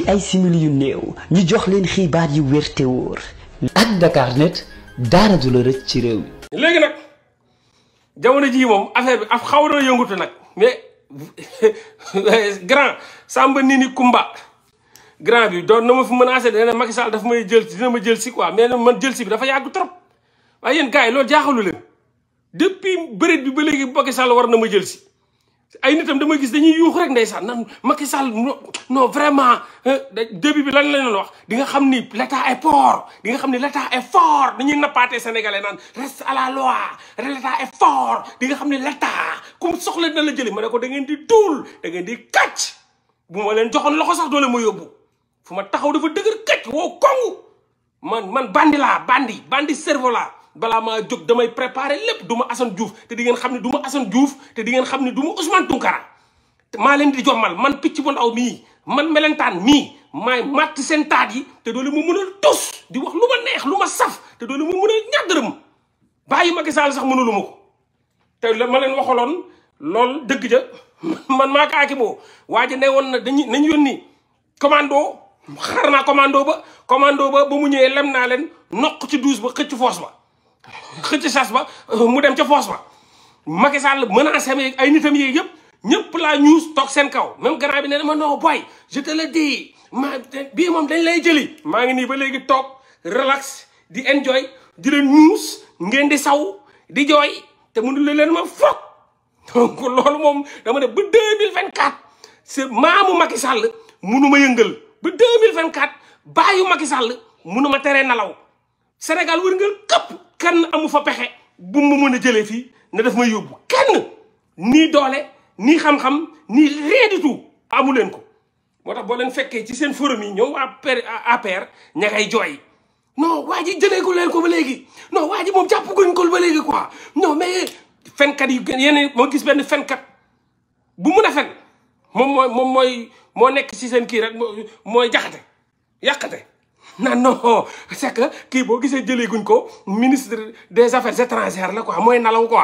ci ay simili yu néew ñu jox leen xibaar yu wér te wóor. ak Dakarnet daara du la rëcc ci réew mi. léegi nag jamono jii moom affaire bi af xaw na yëngatu nag mais grand Samba ni Kumba grand bi doon na ma fi menacé nee na Macky Sall daf may jël dina ma jël si mais na man jël si bi dafa yàggu trop waaye yéen gars yi loolu jaaxalu leen depuis bëreet bi ba léegi Macky Sall war na ma jël si. ay nitam damay gis dañuy yuux rek ndeysaan nan Macky Sall non vraiment euh, début bi lan la leen wax di nga xam ni l' état est fort di nga xam ni l' état est fort dañuy nappaatee sénégalais naan reste à la loi l' état est fort nga xam ni l' état comme soxla na la jëli ma ne ko da ngeen di duul da ngeen di kàcc bu ma leen joxoon loxo sax doole moo yóbbu fu ma taxaw dafa dëgër kàcc woo kongu man man bandi laa bandi bandi cerveau laa balaa maa jóg damay préparer lépp du ma Assane Diouf te di ngeen xam ne du ma Assane Diouf te di ngeen xam ne du ma Ousmane Tounkara maa leen di jommal man picc bu ndaw mii man melentaan mii maay màtt seen taat yi te doole ma mënal tus di wax lu ma neex lu ma saf te doole ma mënal ñàddërëm bàyyi Macky Sall sax mënulu ma ko te la ma leen waxaloon lool dëgg ja man maa kaaki boo waa ji ne woon na dañu nañu yónni commando xar naa commando ba commando ba ba mu ñëwee lem naa leen noq ci douze ba xëcc foos ba xëcc sas ba euh, mu dem ca foos ba Macky Sall menacé am ay nitam yeeg yëpp ñëpp laa ñuus toog seen kaw même grand bi ne dama non boy je te le ma bii moom dañ lay jëli. maa ngi nii ba léegi toog relax di enjoy di leen ñuus ngeen di saw di joy te mënu leen ma foog donc loolu moom dama ne ba deux mille vingt se c'est mu Macky Sall munu ma yëngal ba deux mille vingt quatre bàyyu Macky Sall munu ma teree nalaw Sénégal wërngal këpp. kenn amu fa pexe bu mu mën a jëlee fii ne def may yóbbu kenn nii doole nii xam-xam nii rien du amu leen ko moo tax boo leen fekkee ci seen forum yi ñëw APR ña ngay jooy non waa ji jëlee ko leen ko ba léegi non waa ji moom jàpp guñ ko ba léegi quoi non mais fenkat yu yeneen moo gis benn fenkat bu mun a fen moom mooy moom mooy moo nekk ci seen kii rek mooy jaxate yàqate na non c'est que kii boo gisee jëleeguñ ko ministre des affaires étrangères la quoi mooy nalaw ko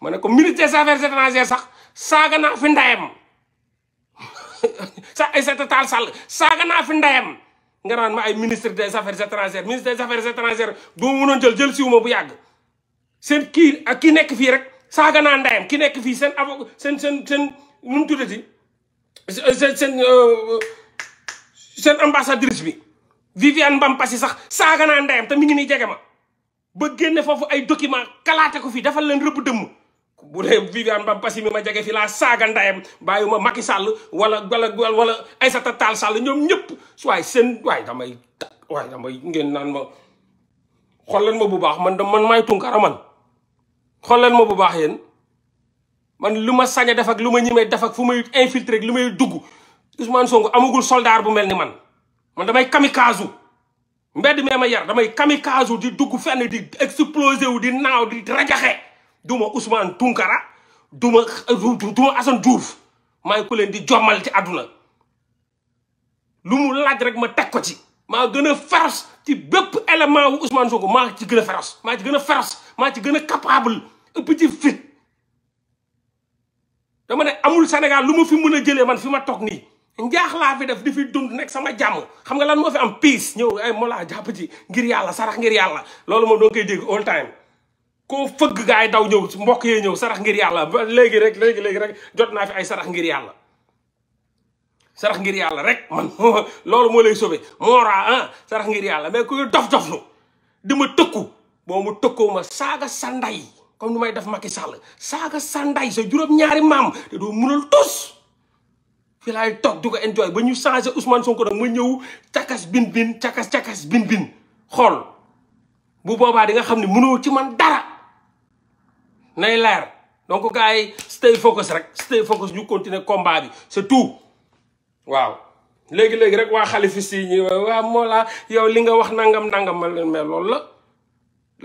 ma ne ko ministre des affaires étrangères sax saaga naa fi ndayam sa Aïssata Tall Sall saaga naa fi ndayam nga naan ma ay ministre des affaires étrangères ministre des affaires étrangères boo mënoon jël jël siwuma bu yàgg seen kii ak ki nekk fii rek saaga naa ndayam ki nekk fii seen avocat seen seen seen nu mu tuddati seen seen euh, seen ambassadrice bi Viviane Mbampasi sax saaga naa ndeyam te mi ngi nii jege ma ba génne foofu ay document kalaate ko fii defal leen rëbb dëmm bu dee Viviane Mbampasi mi ma jege fi laa saaga ndeyam bàyyiwuma Macky sàll wala wala wala Aïssata Tall Sall ñoom ñëpp waaye seen waaye damay waaye damay ngeen naan ma xool leen ma bu baax man da man maay tunkara man xool leen ma bu baax yéen man lu ma sañ a lu ma ñimee def ak fu may infiltre ak lu may dugg Ousmane Sonko amagul soldaar bu mel ni man man damay kamikaze mbedd mee ma yar damay kamikaze di dugg fenn di explosé wu di naaw di rajaxe duma Ousmane Tunkara duma duma Assane Diouf maay ku leen di jommal ci àdduna lu mu laaj rek ma teg ko ci maa gën a féroce ci bépp élément wu Ousmane Sonko maa ci gën a féroce maa ci gën a féroce maa ci gën a capable ëpp ci fit dama ne amul senegal lu ma fi mën a jëlee man fi ma toog nii njaaxlaa fi def di fi dund nekk sama jàmm xam nga lan moo fi am peace ñëw ay Mollah jàpp ci ngir yàlla sarax ngir yàlla loolu moom doo koy dégg all time koo gaa yi daw ñëw mbokk yee ñëw sarax ngir yàlla ba léegi rek léegi léegi rek jot naa fi ay sarax ngir yàlla sarax ngir yàlla rek man loolu moo lay sauvé mooraa ah sarax ngir yàlla mais kuy dof-doflu di ma tëkku boo mu tëkkoo ma saaga sa ndey comme nu may def Macky Sall saaga sa ndey sa juróom-ñaari maam te doo munal tus fii laay toog du ko enjoy ba ñu changé Ousmane Sonko nag ma ñëw cakas bin bin cakas cakas bin bin xool bu boobaa di nga xam ne mënoo ci man dara nay leer donc gars yi stay focus rek stay focus ñu continuer combat bi c'est tout waaw léegi-léegi rek waa xalifis yi ñu waa Mollah yow li nga wax nangam nangam ma leen mais loolu la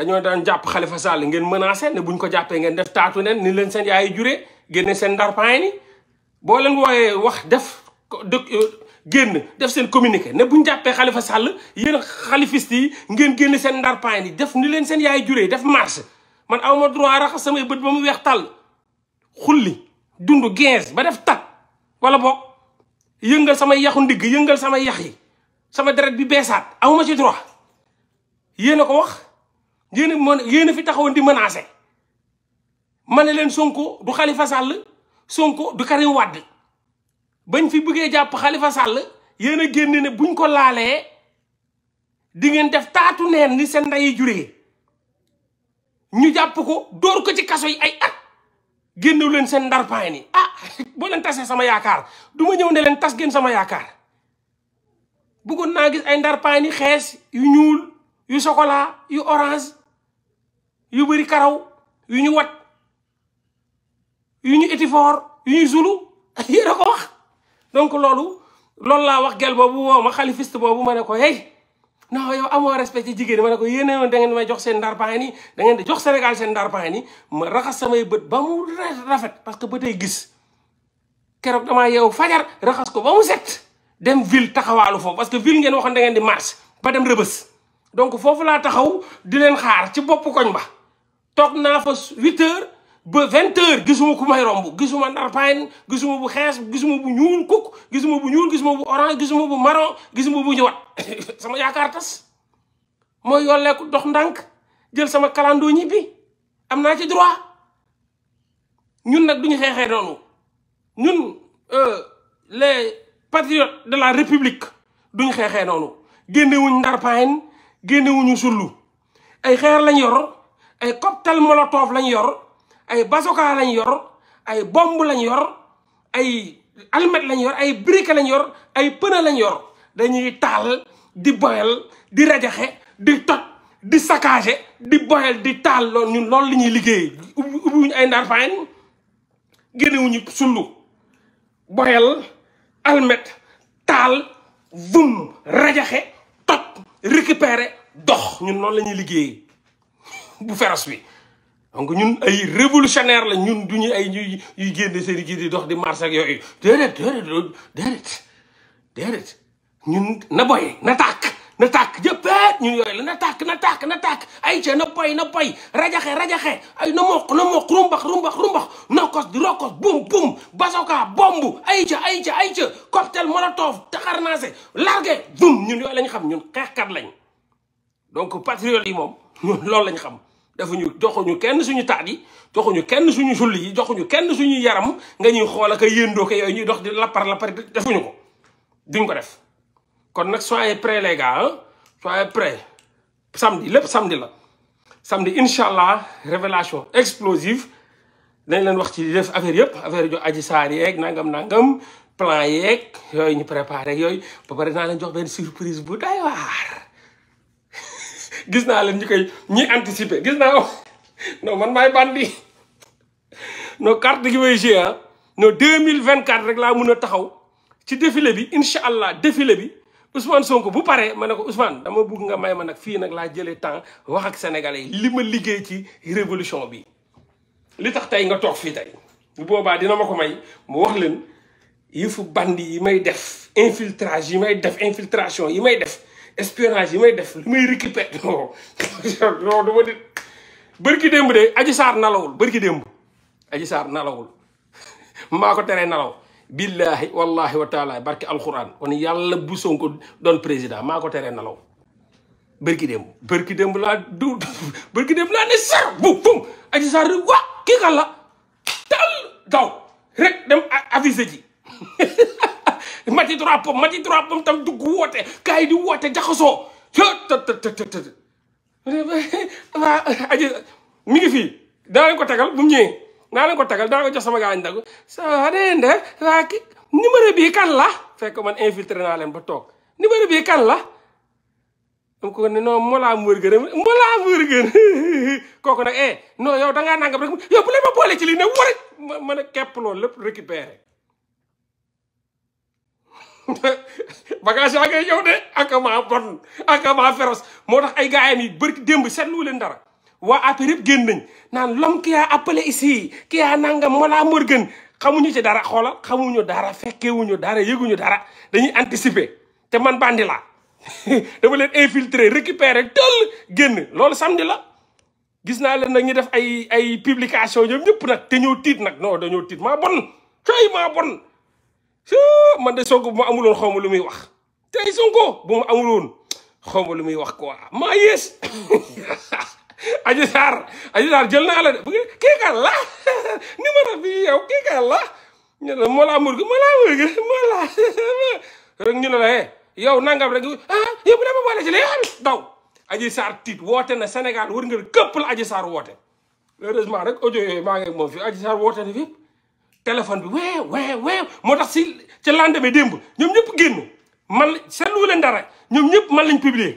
dañoo daan jàpp Xalifa Sall ngeen menacé ne buñ ko jàppee ngeen def taatu nen ni leen seen yaay juree génne seen ndarpaay ni boo leen wooyee wax def euh, génn def seen communiqué ne bu ñu jàppee Khalifa Sall yéen xalifiste yi ngeen génn seen ndarpaañ yi def ni leen seen yaay juree def marche man aw ma droit raxas samay bët ba mu weex tàll xulli dund guinze ba def tat wala boog yëngal samay yaxu ndigg yëngal sama yax yi sama deret bi beesaat aw ma ci droit yéen a ko wax yéen a yéen a fi taxawoon di menacer ma ne leen Sonko du Khalifa Sall Sonko du Karim Wade bañ fi bëggee jàpp Khalifa Sall yéen a génn ne buñ ko laalee di ngeen def taatu neen ni seen ndeyi juree ñu jàpp ko dóor ko ci kaso yi ay at génnew leen seen ndarpaay ni ah boo leen tasee sama yaakaar du ma ñëw ne leen tas gën sama yaakaar bëggoon naa gis ay ndarpaay ni xees yu ñuul yu chocolat yu orange yu bëri karaw yu ñu wat yu ñu étifor yu ñu zulu yéen a ko wax donc loolu loolu laa wax gel boobu woo ma xalifiste boobu ma ne ko hey non yow amoo respect a jigéen ma ne ko yéene woon da ngeen may jox seen ndarpaan yi da ngeen di jox Sénégal seen ndarpaan yi ma raxas samay bët ba mu rafet parce que bëtay gis keroog damaa yeewu fajar raxas ko ba mu set dem ville taxawaalu foofu parce que ville ngeen waxoon da ngeen di marche ba dem rëbës donc foofu laa taxaw di leen xaar ci boppu koñ ba toog naa fa huit heures ba vingt heures gisuma ku may romb gisuma ndarpaayin gisuma bu xees gisuma bu ñuul kuk gisuma bu ñuul gisuma bu orange gisuma bu marron gisuma bu ñëwaat sama yaakaar tas mooy yolleeku dox ndànk jël sama kalandoo ñibbi am naa ci droit ñun nag duñu xeexee doonu ñun euh, les patriotes de la république duñu xeexee noonu génnewuñ ndarpaayin génnewuñu sullu ay xeer lañ yor ay cocktail molotov lañ yor ay bazoka lañ yor ay bomb lañ yor ay almet lañ yor ay brique lañ yor ay pëna lañ yor dañuy taal di boyal di rajaxe di toj di saccagé di boyal di taal loolu ñun loolu la ñuy liggéey ay ndaar fayen génnewuñu sullu boyal almet taal vum rajaxe toj récupéré dox ñun loolu lañuy liggéey bu feras wi donc ñun ay révolutionnaire lañ ñun du ñu ay ñuy ñuy génne seen i dox di mars ak yooyu déedéet déedéet déedéet na boy na tàkk na tàkk jëppeet ñun yooyu la na tàkk na tàkk na tàkk ay ca na poy na poy rajaxe rajaxe ay na moq na moq rumbax rumbax rumbax nokkos bum bum basoka bomb ay ca ay ca ay ca cocktail molotov taxarnaase largué bum ñun yooyu lañu xam ñun xeexkat lañ donc patriote yi moom ñun loolu lañu xam defuñu joxuñu kenn suñu taat yi joxuñu kenn suñu julli yi joxuñu kenn suñu yaram nga ñuy xool ak a yëndoo ko yooyu ñuy dox di lapar lapar defuñu ko duñ ko def kon nag soyez prêts les gars ah soyez prêts samedi lépp samdi la samedi incha allah révélation explosive dañ leen wax ci def affaire yëpp affaire jo aji saar yeeg nangam nangam plan yeeg yooyu ñu préparé yooyu ba pare naa leen jox benn surprise bu day waar gis naa leen ñu koy ñi anticiper gis naa non man maay bandi non carte gi may joué ah deux mille vingt quatre rek laa mun a taxaw ci défilé bi incha allah défilé bi Ousmane Sonko bu paree mane ko Ousmane dama bugg nga may ma nag fii nag laa jëlee temps wax ak sénégalais yi li ma liggéey ci révolution bi li tax tey nga toog fii tey bu boobaa dina ma ko may mu wax leen yëfu bandi yi may def infiltrage yi may def infiltration yi may def espionnage yi may def li may récupérer non duma di bërki démb de aji saar nalawul bërki démb aji saar nalawul maa ko teree nalaw billaahi wallahi wa taala barke alquran kon yàlla bu Sonko doon président maa ko teree nalaw bërki démb bërki démb laa du laa ne sar bu bum aji saar di waa kii kan la rek dem avisé mati droit mati droit tam dugg woote gars yi di woote jaxasoo tëtëtëtëtë waa aji mi ngi fii daa leen ko tagal bu mu ñëwee leen ko tagal daa ko sama gars yi ndagu bii kan la fekk man infiltré naa leen ba toog numéro bii kan la am ko ne non Mollah Morgun Mollah Morgun kooku nag eh non yow dangaa nangam rek yow bu leen ma boole ci lii ne war a mën a képp loolu lépp récupéré bagage yaa ngay yow de akama bon akama féroce moo tax ay gaayam yi bërki démb seetlu leen dara waa APR yëpp génn nañ naan l'homme qui a appelé ici qui a nangam Mollah Morgun xamuñu ci dara xoolal xamuñu dara fekkewuñu dara yëguñu dara dañuy anticiper te man bandi laa dama leen infiltrer récupérer tëll génn loolu samedi la gis naa leen nag ñu def ay ay publication ñoom ñëpp nag te ñoo tiit nag non dañoo tiit maa bon coy maa bon man de Sonko bu ma amuloon xaw ma lu muy wax tey Sonko bu xaw ma lu muy wax quoi maa yées Adji Sarr Adji Sarr jël naa la de kii kan la la ñu ne Mollah Morgun Mollah Morgun Mollah rek ñu ne la eh yow nangam rek ah yow bu dama boole ci la yow daw Adji Sarr tiit woote na Sénégal wër nga këpp la Adji Sarr woote heureusement rek audio yooyu maa ngi moom fii Adji Sarr woote na fii téléphone bi wee wee wee moo tax si ca lendemain démb ñoom ñëpp génn man seetlu leen dara ñoom ñëpp man lañ publier.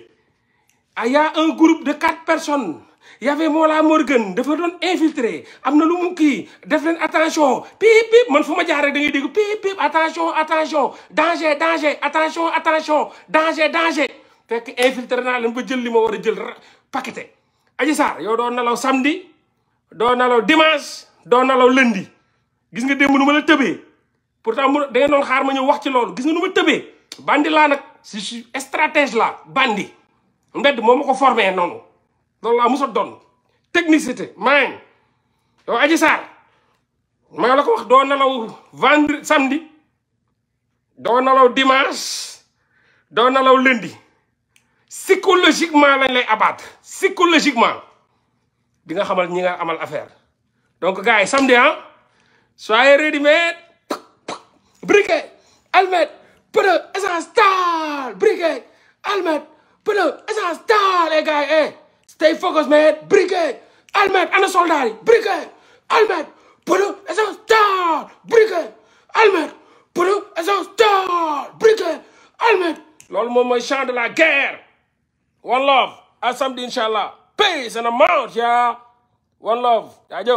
ah y' un groupe de quatre personnes y avait Mollah Morgun dafa doon infiltré am na lu mu kii def leen attention piip piip man fo ma jaar rek da ngay dégg piip piip attention attention danger danger attention attention danger danger. fekk infiltre naa leen ba jël li ma war a jël paqueté Adji Sarr yow doo nelaw samedi doo nelaw dimanche doo nelaw lundi. gis nga démb nu ma la tëbee pourtant mu da ngeen doon xaar ma ñëw wax ci loolu gis nga nu ma tëbee bandi laa nag je suis stratège la bandi mbedd moo ma ko formé noonu loolu laa mos a doon technicité maa ngi yow Adji Sarr maa la ko wax doo nelaw vendredi samedi doo nelaw dimanche doo nelaw lundi psychologiquement lañ lay abattre psychologiquement di nga xamal ñi nga amal affaire donc gars yi samedi ah soyez ready-made briquet allumette pneu essence taal briquet allumette pneu essence taal les gars eh. stay focus mate briquet allumette ana soldat yi briquet allumette pneu essence taal briquet allumette pneu loolu moom mooy chant de la guerre one love à samedi incha allah peace and amount yaa one love yaa jëw